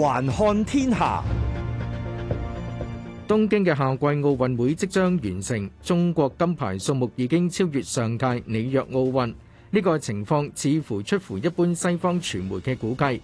環看天下，東京嘅夏季奧運會即將完成，中國金牌數目已經超越上屆里約奧運。呢個情況似乎出乎一般西方傳媒嘅估計。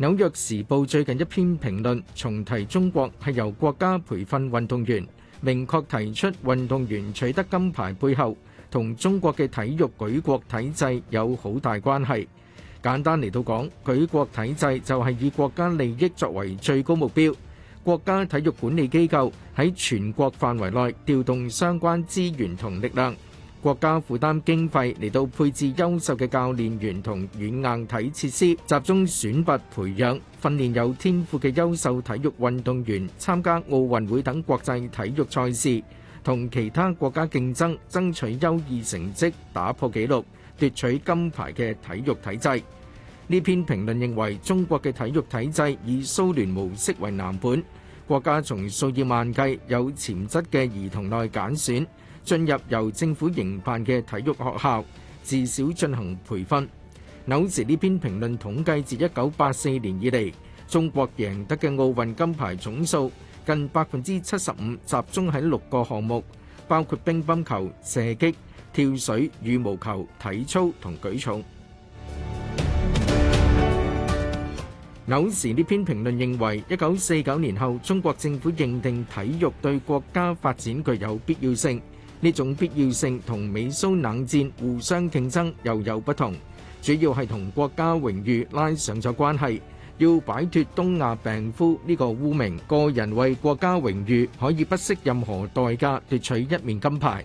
紐約時報最近一篇評論重提中國係由國家培訓運動員，明確提出運動員取得金牌背後，同中國嘅體育舉國體制有好大關係。簡單嚟到講，舉國體制就係以國家利益作為最高目標。國家體育管理機構喺全國範圍內調動相關資源同力量，國家負擔經費嚟到配置優秀嘅教練員同軟硬體設施，集中選拔、培養、訓練有天賦嘅優秀體育運動員，參加奧運會等國際體育賽事，同其他國家競爭，爭取優異成績，打破紀錄，奪取金牌嘅體育體制，呢篇評論認為中國嘅體育體制以蘇聯模式為藍本，國家從數以萬計有潛質嘅兒童內揀選，進入由政府營辦嘅體育學校，自小進行培訓。紐時呢篇評論統計自一九八四年以嚟，中國贏得嘅奧運金牌總數近百分之七十五集中喺六個項目，包括乒乓球、射擊。跳水、羽毛球、體操同舉重。紐時呢篇評論認為，一九四九年後，中國政府認定體育對國家發展具有必要性。呢種必要性同美蘇冷戰互相競爭又有不同，主要係同國家榮譽拉上咗關係。要擺脫東亞病夫呢個污名，個人為國家榮譽可以不惜任何代價奪取一面金牌。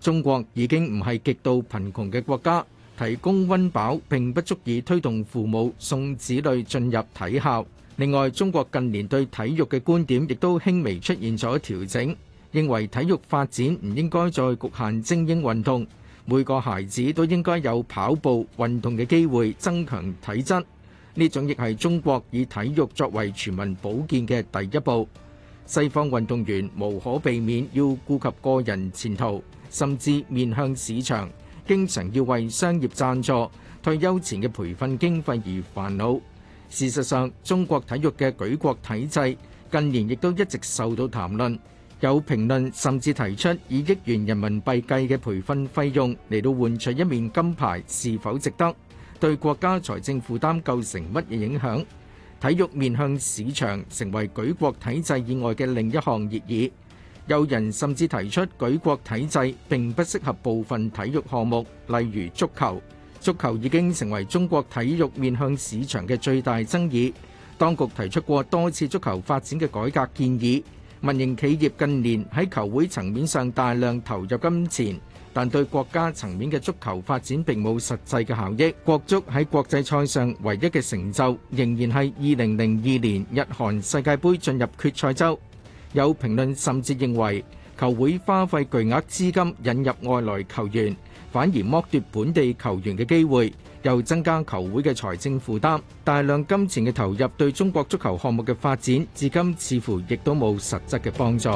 中國已經唔係極度貧窮嘅國家，提供溫飽並不足以推動父母送子女進入體校。另外，中國近年對體育嘅觀點亦都輕微出現咗調整，認為體育發展唔應該再局限精英運動，每個孩子都應該有跑步、運動嘅機會，增強體質。呢種亦係中國以體育作為全民保健嘅第一步。西方運動員無可避免要顧及個人前途。甚至面向市場，經常要為商業贊助、退休前嘅培訓經費而煩惱。事實上，中國體育嘅舉國體制近年亦都一直受到談論，有評論甚至提出以億元人民幣計嘅培訓費用嚟到換取一面金牌是否值得，對國家財政負擔構成乜嘢影響？體育面向市場成為舉國體制以外嘅另一項熱議。有人甚至提出，舉國體制並不適合部分體育項目，例如足球。足球已經成為中國體育面向市場嘅最大爭議。當局提出過多次足球發展嘅改革建議。民營企業近年喺球會層面上大量投入金錢，但對國家層面嘅足球發展並冇實際嘅效益。國足喺國際賽上唯一嘅成就，仍然係2002年日韓世界盃進入決賽周。有評論甚至認為，球會花費巨額資金引入外來球員，反而剝奪本地球員嘅機會，又增加球會嘅財政負擔。大量金錢嘅投入對中國足球項目嘅發展，至今似乎亦都冇實質嘅幫助。